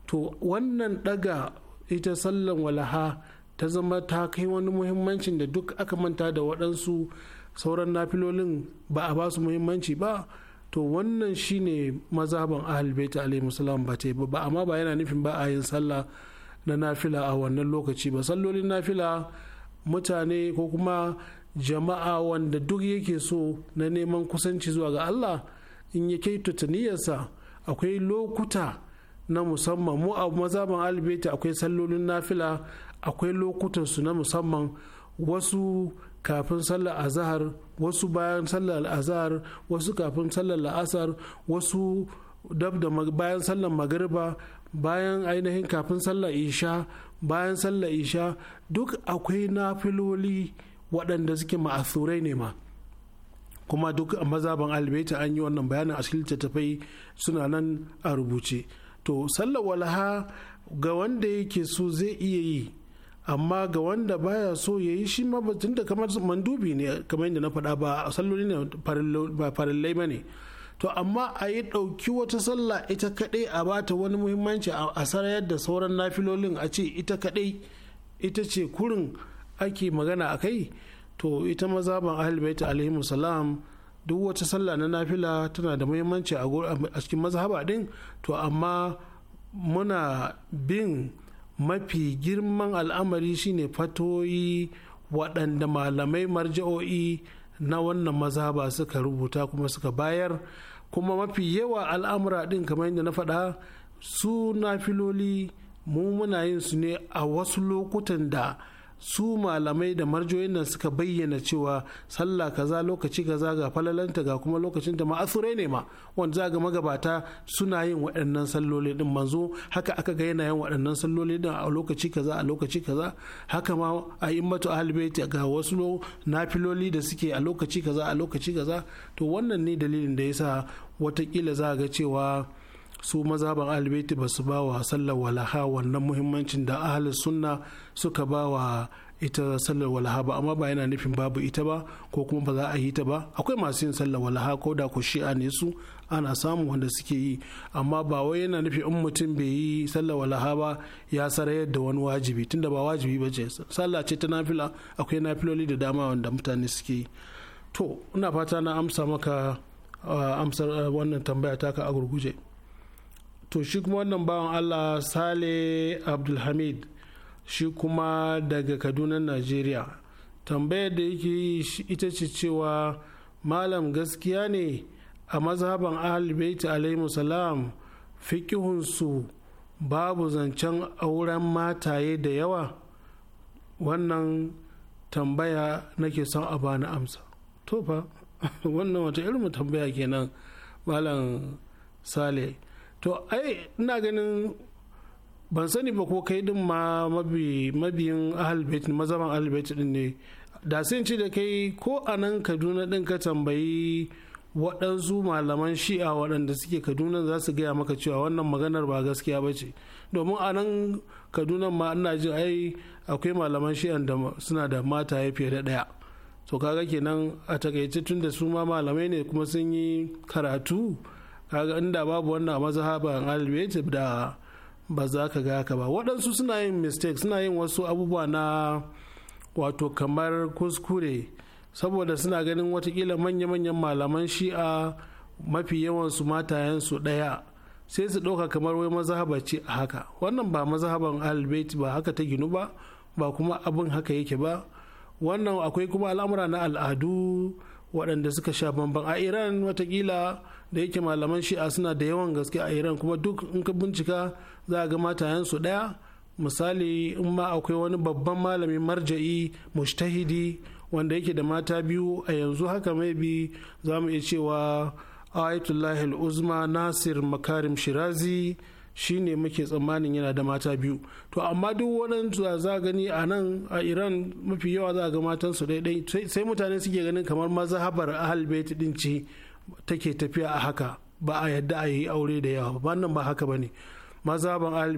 to wannan ɗaga ita sallan walaha ta zama ta kai wani muhimmancin da duk aka manta da waɗansu sauran nafilolin ba a ba muhimmanci ba to wannan shine mazaban ahal baita alaihi musulam ba ta yi ba amma ba yana nufin ba a yin sallah na nafila a wannan lokaci ba sallolin nafila mutane ko kuma jama'a wanda duk yake so na neman kusanci zuwa ga Allah in ya kai niyyarsa akwai lokuta na musamman mu a mazaban albaita akwai sallolin nafila akwai su na musamman wasu kafin sallar azahar wasu bayan sallar azahar wasu kafin sallar la'asar wasu dab da bayan sallar magariba bayan ainihin kafin sallar isha bayan sallar isha duk akwai nafiloli waɗanda suke ma'asurai ne ma kuma duk mazaban albaita an yi wannan bayanin a cikin littattafai suna nan a rubuce to sallar walaha ga wanda yake so zai iya yi amma ga wanda baya so ya yi shi ma batun da kamar mandubi ne kamar yadda na faɗa ba salloli ne ba farillai ba ne to amma a yi ɗauki wata sallah ita kaɗai a bata wani muhimmanci a sarayar da sauran nafilolin a ce ita kaɗai ita ce kurin ake magana a kai to ita mazaban ahalibaita alaihi salam duk wata sallah na nafila tana da muhimmanci a cikin mazhaba din to amma muna bin mafi girman al'amari shine fatoyi waɗanda malamai marja'o'i na wannan maza ba suka rubuta kuma suka bayar kuma mafi yawa al'amura ɗin kamar yadda na faɗa su na filoli mu muna yin su ne a wasu lokutan da su malamai da marjoyin nan suka bayyana cewa sallah kaza lokaci kaza ga falalanta ga kuma lokacin da ma'asurai ne ma wanda za ga magabata suna yin waɗannan salloli din manzo haka aka ga yana yin waɗannan salloli din a lokaci kaza a lokaci kaza haka ma a immatu ahlbaiti ga wasu nafiloli da suke a lokaci kaza a lokaci kaza to wannan ne dalilin da yasa watakila za ga cewa su mazaban albaiti ba su ba wa sallar walaha wannan muhimmancin da ahalin sunna suka ba wa ita sallar walaha ba amma ba yana nufin babu ita ba ko kuma ba za a yi ta ba akwai masu yin sallar walaha ko da ku shi'a ne su ana samu wanda suke yi amma ba wai yana nufin in mutum bai yi sallar walaha ba ya sarayar da wani wajibi tunda ba wajibi ba ce sallah ce ta nafila akwai nafiloli da dama wanda mutane suke yi to ina fata na amsa maka ah, amsar ah, wannan tambaya taka a gurguje to shi kuma wannan bawan allah sale abdulhamid shi kuma daga kaduna najeriya tambayar da yake ita ce cewa malam gaskiya ne a mazhaban ahalibaita alaihi salam fikihunsu babu zancen auren mataye da yawa wannan tambaya nake son a bani amsa to fa wannan wata irin tambaya kenan malam sale to ai ina ganin ban sani ba ko kai din ma mabiyin ahalbet mazaman ahalbet din ne da sun ci da kai ko a nan kaduna din ka tambayi waɗansu malaman shi'a waɗanda suke kaduna za su gaya maka cewa wannan maganar ba gaskiya ba ce domin a nan kaduna ma ina ji ai akwai malaman shi'an da suna da mataye fiye da ɗaya to kaga kenan a takaice tun da su ma malamai ne kuma sun yi karatu kaga inda babu wannan mazhaban ahlul da ba za ka ga haka ba waɗansu suna yin mistake suna yin wasu abubuwa na wato kamar kuskure saboda suna ganin watakila manya-manyan malaman shi'a mafi yawan yawansu matayensu ɗaya sai su ɗauka kamar wai mazhaba ce a haka wannan ba mazhaban albait ba haka ta ginu ba ba kuma abin haka yake ba wannan akwai kuma al'amura na al'adu waɗanda suka sha bamban a iran watakila da yake malaman shi'a suna da yawan gaske a iran kuma duk in ka bincika za a ga su ɗaya misali in ma akwai wani babban malami marja'i mushtahidi wanda yake da mata biyu a yanzu haka mai bi za mu iya cewa ayatollah uzma nasir makarim shirazi shi ne muke tsammanin yana da mata biyu to amma duk wani za gani a nan a iran mafi yawa za ga matan su daidai sai mutane suke ganin kamar mazabar ahal bait din ce take tafiya a haka ba a yadda a yi aure da yawa ba nan ba haka bane mazhaban ahal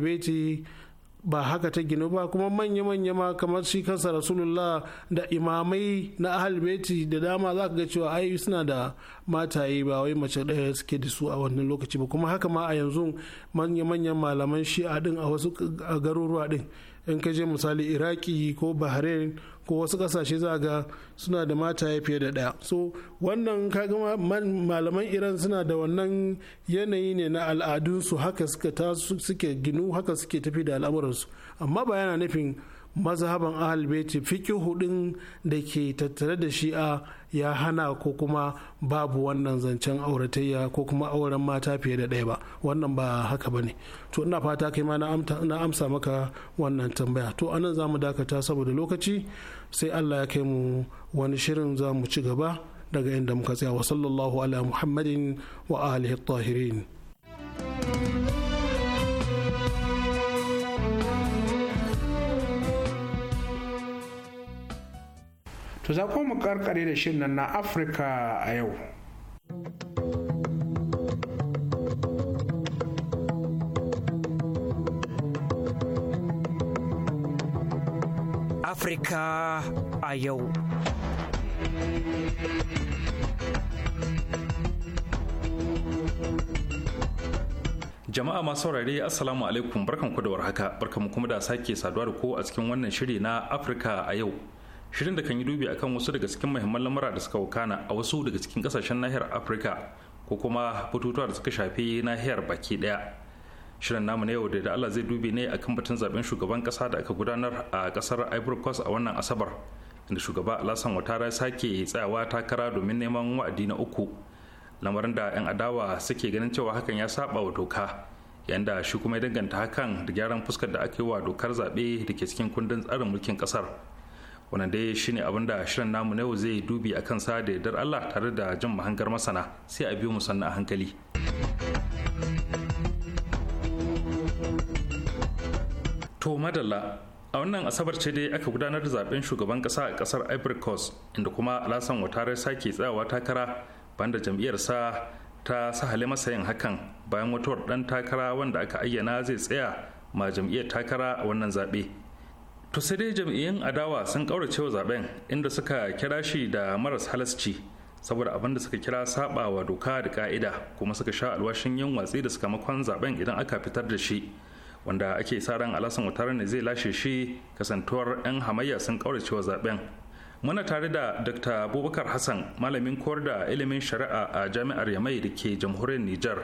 ba haka ta ginu ba kuma manya-manya ma kamar shi kansa rasulullah da imamai na ahalbeti da dama za ka ga cewa ai suna da mataye ba wai mace ɗaya suke da su a wannan lokaci ba kuma haka ma a yanzu manya-manyan malaman shi'a din a wasu garuruwa din in ka je misali iraki ko bahrain ko wasu kasashe za ga suna da mataye fiye da ɗaya so wannan kaga malaman iran suna da wannan yanayi ne na al'adunsu haka suke ginu haka suke tafi da al'amuransu amma ba yana nufin mazhaban ahal fikin hudun da ke tattare da shi'a ya hana ko kuma babu wannan zancen auratayya ko kuma auren mata fiye da ɗaya ba wannan ba haka ba ne to ina fata kai ma na amsa maka wannan tambaya to anan za mu dakata saboda lokaci sai allah ya kai mu wani shirin za mu ci gaba daga inda muka tsaya wa sallallahu ala muhammadin wa alihi tahirin to za mu karkare da shirin nan na afirka a yau Afirka a yau. Jama'a masu saurare Assalamu alaikum barkanku da warhaka barkanku kuma da sake saduwa da ku a cikin wannan shiri na Afirka a yau. shirin da kan yi dubi akan wasu daga cikin muhimman lamura da suka wakana a wasu daga cikin kasashen nahiyar afirka ko kuma batutuwa da suka shafi nahiyar baki daya shirin namu na yau da da allah zai dubi ne akan batun zaben shugaban kasa da aka gudanar a kasar ivory coast a wannan asabar inda shugaba alasan watara sake tsayawa takara domin neman wa'adi na uku lamarin da 'yan adawa suke ganin cewa hakan ya saba wa doka yanda shi kuma ya danganta hakan da gyaran fuskar da aka yi wa dokar zaɓe da ke cikin kundin tsarin mulkin kasar. wannan dai shine abin da shirin namu na yau zai dubi akan sa da yardar Allah tare da jin mahangar masana sai a biyu mu sannan a hankali. To madalla a wannan asabar ce dai aka gudanar da zaben shugaban kasa a kasar Ivory Coast inda kuma Alasan Ouattara sake tsayawa takara banda sa ta sahale masa yin hakan bayan mutuwar dan takara wanda aka ayyana zai tsaya ma jam'iyyar takara a wannan zaɓe. to sai dai jam'iyyun adawa sun wa zaben inda suka kira shi da maras halasci saboda abin da suka kira saba wa doka da ka'ida kuma suka sha alwashin yin watsi da sakamakon zaben idan aka fitar da shi wanda ake sa ran alasan wutar ne zai lashe shi kasantuwar 'yan hamayya sun wa zaben muna tare da dr abubakar hassan malamin koyar da ilimin shari'a a jami'ar yamai da ke jamhuriyar niger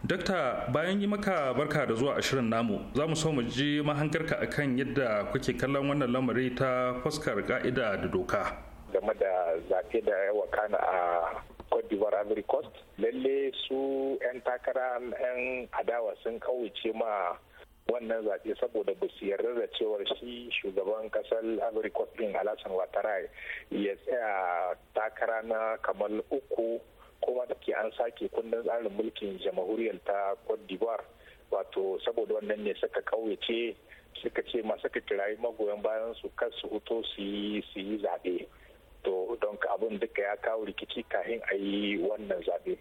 Dokta bayan yi maka barka da zuwa ashirin namu za mu so mu ji mahankarka akan yadda kuke kallon wannan lamari ta fuskar ka'ida da doka. Game da zaɓe da ya wakana a Cote d'Ivoire Ivory lalle su 'yan takara 'yan adawa sun kawuce ma wannan zaɓe saboda ba su yarda da cewar shi shugaban ƙasar Ivory Coast din Alassane Ouattara ya tsaya takara na kamar uku kuma da ke an sake kundin tsarin mulkin jamhuriyar ta cote d'ivoire wato saboda wannan ne suka kauyace suka ce masu ka kirayi magoyan bayan su kar su huto su yi zaɓe to don abin duka ya kawo rikici kafin a yi wannan zaɓe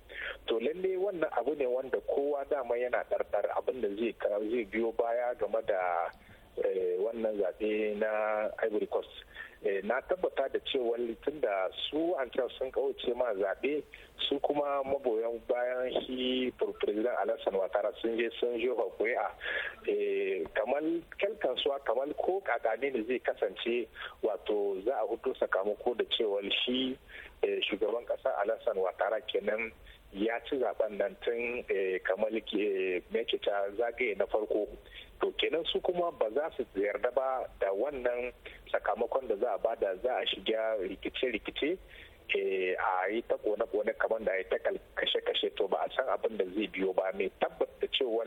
to lalle wannan abu ne wanda kowa dama yana ɗarɗar abin da zai biyo baya game da eh, wannan zaɓe na ivory coast Eh, na tabbata da cewa litin da su an sun kawace ma zaɓe su kuma maboyan bayan shi furfurizan alasan watara sun je sun je a eh, kamar kyalkan suwa kamar ko kakane ne zai kasance wato za a hudu sakamako da cewa shi eh, shugaban ƙasa alasan watara kenan ya ci zaben nan tun eh, kamar eh, ta zagaye na farko to kenan su kuma ba za su yarda ba da wannan sakamakon da za a bada za a shiga rikice-rikice eh, a yi ta kone-kone kamar da ya ta kashe-kashe to ba a san abin da zai biyo ba mai tabbata cewa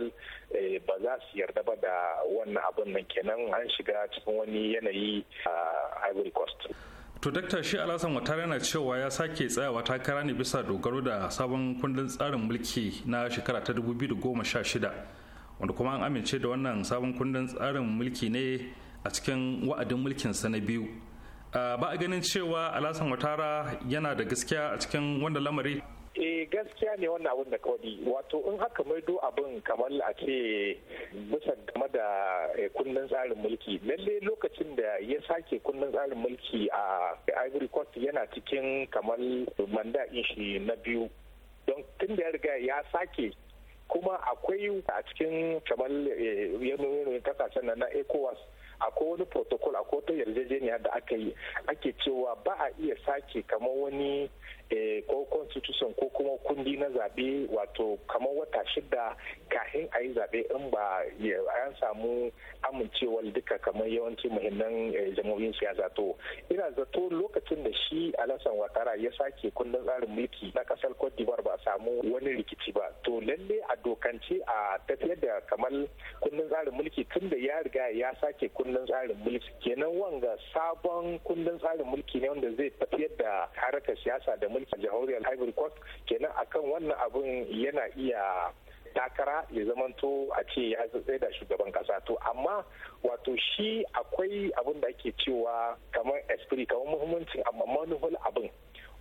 ba za su yarda ba da wannan abin nan kenan an shiga cikin wani yanayi a ah, ivory coast to dakta shi alasan watara yana cewa ya sake tsayawa takara ne bisa dogaro da sabon kundin tsarin mulki na shekara ta 2016 wanda kuma an amince da wannan sabon kundin tsarin mulki ne a cikin wa'adin mulkin sa na biyu ah, ba a ganin cewa alasan watara yana da gaskiya a cikin wanda lamari eh gaskiya ne wannan abin da kawai wato in aka maido abin kamar a ce bisa game da eh, kundin tsarin mulki lalle lokacin da ya sake kundin tsarin mulki a ivory coast yana cikin kamar manda shi na biyu don tun da ya riga ya sake kuma akwai a cikin kamar eh, yanayi kasashen na ecowas akwai wani protocol akwai wata yarjejeniya da aka yi ake cewa ba a iya sake kamar wani Eh, ko constitution ko kuma kundi na zaɓe wato kamar wata shida kafin a yi zaɓe in ba an samu amincewar duka kamar yawanci muhimman eh, jamhuriyar siyasa to ina zato lokacin da shi alasan watara ya sake kundin tsarin mulki na kasar cote d'ivoire ba a samu wani rikici ba to lalle a dokance a tafiyar da kamar kundin tsarin mulki tun da ya riga ya sake kundin tsarin mulki kenan wanga sabon kundin tsarin mulki ne wanda zai tafiyar da harkar siyasa da mulki mulkin jamhuriyar ivory coast kenan akan wannan abun yana iya takara ya zamanto a ce ya zai da shugaban kasa to amma wato shi akwai abin da ake cewa kamar esprit kamar muhimmancin amma manufar abin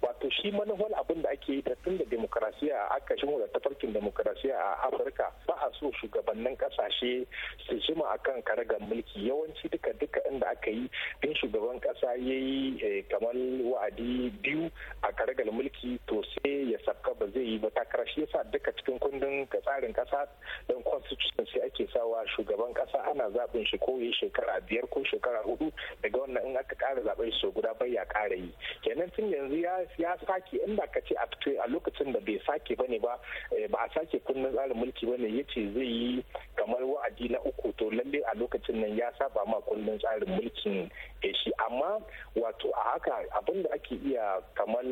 wato shi manufar abin da ake yi tun da demokarasiya a aka shi da tafarkin demokarasiya a afirka ba a so shugabannin kasashe su jima a kan karagar mulki yawanci duka duka inda aka yi in shugaban kasa ya yi eh, kamar wa'adi biyu a karagar mulki to sai ya sabka ba zai yi ba takara shi yasa duka cikin kundin tsarin kasa don constitution sai ake sawa shugaban kasa ana zaɓin shi ko ya shekara biyar ko shekara hudu daga wannan in aka ƙara zaɓen shi guda bai ya ƙara yi kenan tun yanzu ya ya sake in ba ka ce a a lokacin da bai sake bane ba eh, ba a sake kunnen tsarin mulki bane ya ce zai yi kamar wa'adi na uku to lalle a lokacin nan ya saba ma kunnen tsarin mulkin shi amma wato a haka abin da ake iya kamar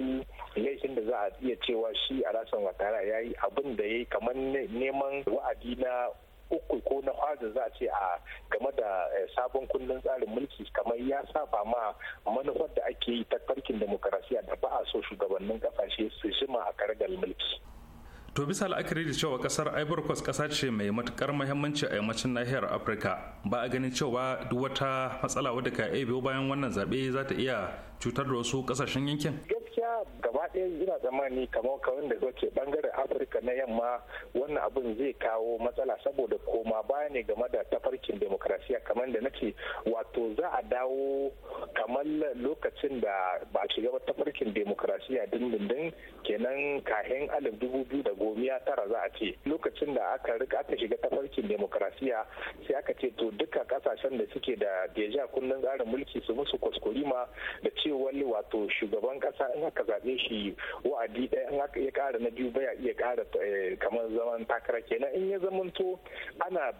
laifin da za a iya cewa shi a rasan watara ya yi abin da ya yi kamar neman wa'adi na uku ko na kwada za a ce a game da eh, sabon kundin tsarin mulki kamar ya saba ma manufar da ake yi ta farkin demokarasiya da ba a so shugabannin kasashe su jima a karagar mulki. To bisa la'akari da cewa kasar Ivory Coast kasa ce mai matukar muhimmanci a yammacin nahiyar Afirka ba a ganin cewa duk wata matsala wadda ka iya biyo bayan wannan zaɓe za ta iya cutar da wasu kasashen yankin. dai ina tsammani kamar kawai da bangaren afirka na yamma wannan abin zai kawo matsala saboda koma baya ne game da tafarkin demokrasiya kamar da nake wato za a dawo kamar lokacin da ba shiga ba tafarkin demokrasiya dindindin kenan kahin alif dubu biyu da ya tara za a ce lokacin da aka rika aka shiga tafarkin demokrasiya sai aka ce to duka kasashen da suke da deja kundin tsarin mulki su musu kuskurima da cewa wato shugaban kasa in aka zaɓe shi biyu wa'adi ɗaya in ya ƙara na biyu baya iya ƙara eh, kamar zaman takara kenan in ya zamanto ana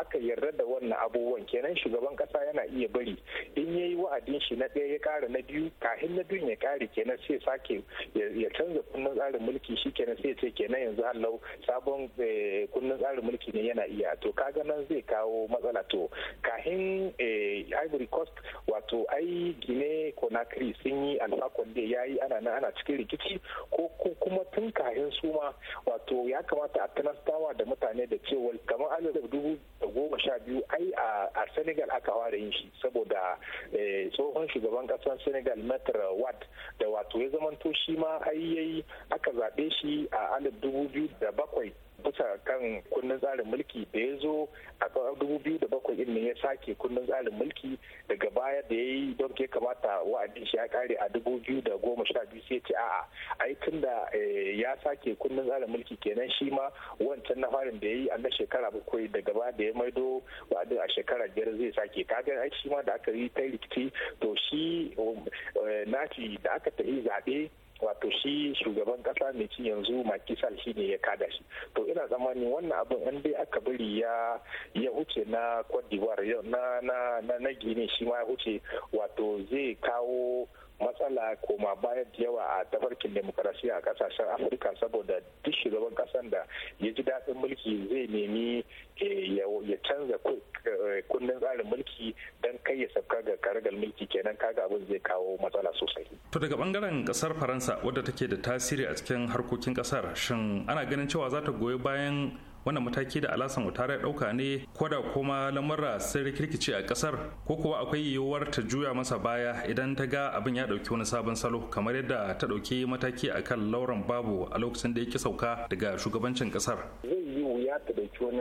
aka yarda da wannan abubuwan kenan shugaban ƙasa yana iya bari in ya yi wa'adin shi na ɗaya ya ƙara na biyu kafin na biyun ya ƙare kenan sai sake ya canza kunnen tsarin mulki shi kenan sai ce kenan yanzu allau sabon eh, kunnen tsarin mulki ne yana iya to kaga nan zai kawo matsala to kahin eh, ivory coast wato ai gine conakry sun yi alfakon da ya yi ana nan ana cikin rikici ko kuma tun kafin suma wato ya kamata a tanastawa da mutane da cewa kamar alif dubu da goma sha biyu ai a senegal aka ware yin shi saboda eh, tsohon shugaban kasar senegal metro wad da wato ya zamanto shi ma ai yayi aka zaɓe shi a alif dubu biyu da bakwai tabbata kan kundin tsarin mulki da ya zo a dubu biyu da bakwai ɗin ya sake kundin tsarin mulki daga baya da ya yi don ke kamata wa'adin shi ya kare a dubu biyu da goma sha biyu sai ce a'a ai tun da eh, ya sake kundin tsarin mulki kenan shi ma wancan na farin da ya yi a na shekara bakwai daga baya da ya maido wa'adin a shekara biyar zai sake ga ai shi ma da aka yi ta rikici to shi eh, naci da aka yi zaɓe wato shi shugaban kasa mai ci yanzu makisal shi ne ya kada shi to ina tsammanin wannan abin an dai aka bari ya ya huce na cote d'ivoire na na na gini shi ma ya huce wato zai kawo matsala koma bayan da yawa a tafarkin demokarasiya a kasashen afirka saboda duk shugaban kasan da ya ji daɗin mulki zai nemi eh, ya canza eh, kundin tsarin mulki don kai ya sauka ga karagar mulki kenan kaga abin zai kawo matsala sosai to daga bangaren kasar faransa wadda take da tasiri a cikin harkokin kasar shin ana ganin cewa za ta goyi bayan wannan mataki da alasan watara ya dauka ne koda kuma lamura sai rikirkice a kasar ko kuwa akwai yiwuwar ta juya masa baya idan ta ga abin ya dauki wani sabon salo kamar yadda ta dauki mataki akan lauren babu a lokacin da yake sauka daga shugabancin kasar zai yi wuya ta dauki wani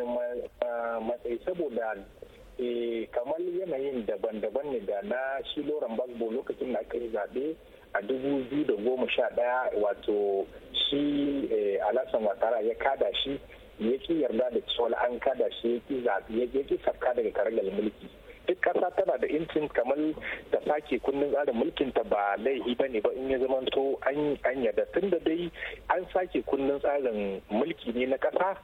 matsayi saboda eh, kamar yanayin daban-daban ne da na shi lauren babu lokacin da aka yi zaɓe a dubu biyu da goma sha ɗaya wato shi eh, alasan watara ya kada shi ya ki yarda da cewa an kada shi ya ki zaɓi ya ki sarka daga karagar mulki duk ƙasa tana da intin kamar ta sake kundin tsarin mulkin ta ba laifi ba ne ba in ya zama to an yarda tun da dai an sake kundin tsarin mulki ne na ƙasa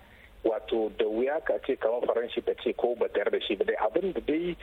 wato da wuya ka ce kamar faranshi ta ce ko ba tayar da shi ba dai abin da dai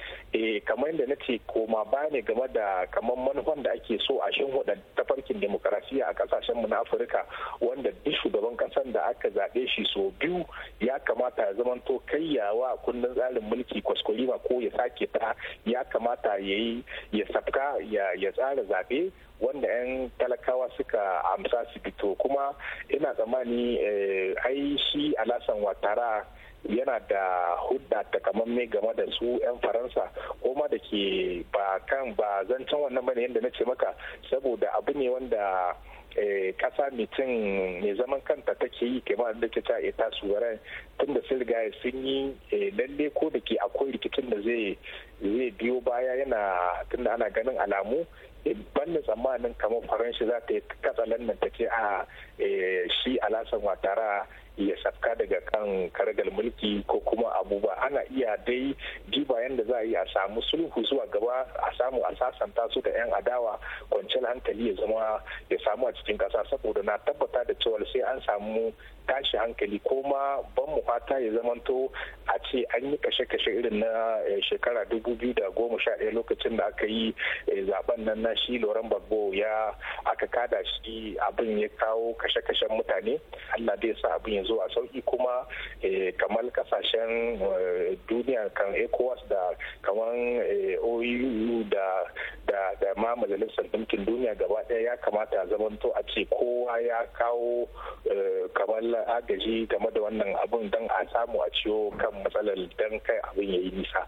kamar yadda na ce koma ba ne game da kamar manufan da ake so a shimfiɗa tafarkin demokarasiya a mu na afirka wanda duk shugaban kasan da aka zaɓe shi so biyu ya kamata ya zamanto kayyawa kundin tsarin mulki kwaskwarima ko ya sake ta ya kamata ya yi ya safka ya tsara zaɓe wanda 'yan talakawa suka amsa su fito kuma ina tsammani eh, ai shi alasan watara yana da hudda takamamme game da su 'yan faransa ko ma da ke ba kan ba zancen wannan bane yadda na ce maka saboda abu ne wanda kasa eh, mitin mai zaman kanta take yi kamar da ke ta ita wurin tun da sun sun yi eh, lalle ko da ke akwai rikicin da zai biyo baya yana tun da ana ganin alamu eh, da tsammanin kamar faranshi za ta yi katsalan nan ta ce a ah, shi alasan watara ya saka daga kan karagal mulki ko kuma abubuwa ana iya dai diba yadda za a yi a samu sulhu zuwa gaba a samu a sasanta su da 'yan adawa kwanciyar hankali ya zama ya samu a cikin kasa saboda na tabbata da cewa sai an samu tashi hankali ko ma ban mu fata ya zamanto a ce an yi kashe-kashe irin na eh, shekara dubu biyu da goma sha ɗaya lokacin da aka yi eh, zaben nan na shi loren babbo ya aka kada shi abin ya kawo kashe-kashen mutane allah dai sa abin ya zo a sauki kuma eh, kamar kasashen duniya kan ecowas da kamar oeu da da ma majalisar dinkin duniya gaba ɗaya ya kamata zamanto a ce kowa ya kawo kamar matsalar agaji game da wannan abun don a samu a ciwo kan matsalar don kai abin ya yi nisa.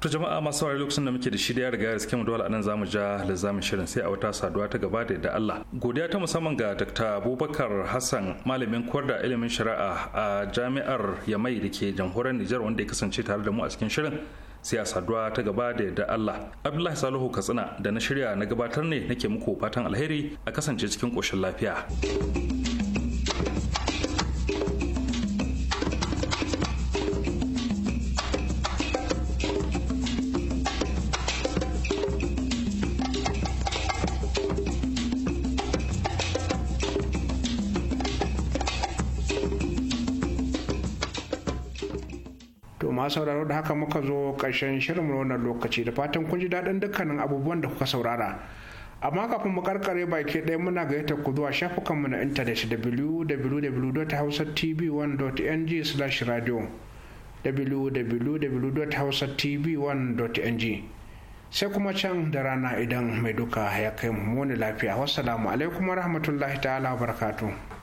Ta jama'a masu wari lokacin da muke da shi da ya riga ya riske mu dole anan zamu ja lizamin shirin sai a wata saduwa ta gaba da Allah godiya ta musamman ga Dr. Abubakar Hassan malamin koyar da ilimin shari'a a jami'ar Yamai da ke jamhuriyar Nijar wanda ya kasance tare da mu a cikin shirin sai a saduwa ta gaba da yadda Allah Abdullahi Salihu Katsina da na shirya na gabatar ne nake muku fatan alheri a kasance cikin koshin lafiya. ma sauraro da haka muka zo ƙarshen shirin wannan lokaci da fatan kun ji daɗin dukkanin abubuwan da kuka saurara amma kafin mu karkare baki ɗaya muna gayyatar ku zuwa shafukanmu na intanet www.hausatv1.ng/radio www.hausatv1.ng sai kuma can da rana idan mai duka ya kai mu lafiya wassalamu alaikum warahmatullahi ta'ala barakatu.